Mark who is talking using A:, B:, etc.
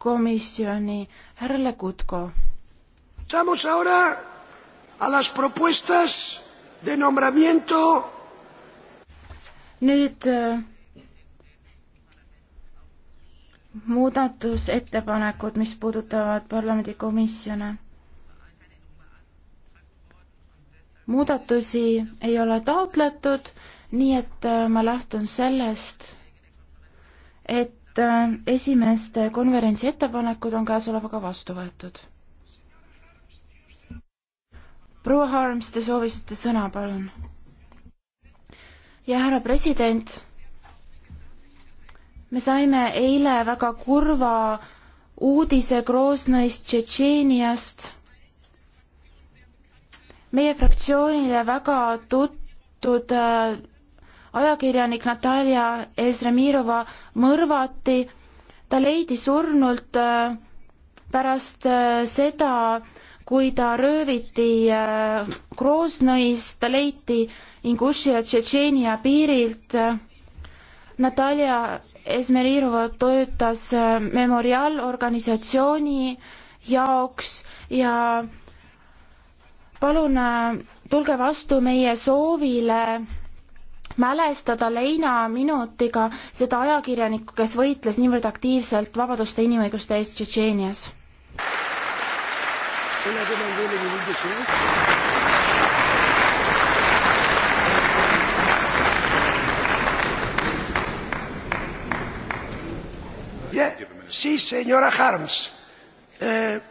A: komisjoni härrale Kutko. Pasamos ahora a las propuestas de nombramiento. nüüd äh, muudatusettepanekud, mis puudutavad parlamendikomisjone. muudatusi ei ole taotletud, nii et äh, ma lähtun sellest, et et äh, esimeste konverentsi ettepanekud on käesolevaga vastu võetud. proua Harms, te soovisite sõna, palun. ja härra president, me saime eile väga kurva uudise Groznõist Tšetšeeniast. meie fraktsioonile väga tuttud äh, ajakirjanik Natalja Ezremirova mõrvati, ta leidi surnult äh, pärast äh, seda, kui ta rööviti Kroosnõis, äh, ta leiti Ingušia Tšetšeenia piirilt. Natalja Esmerirova töötas Memorial organisatsiooni jaoks ja palun tulge vastu meie soovile mälestada leina minutiga seda ajakirjanikku, kes võitles niivõrd aktiivselt vabaduste inimõiguste eest Tšetšeenias. Yeah. Sí, señora Harms. Eh,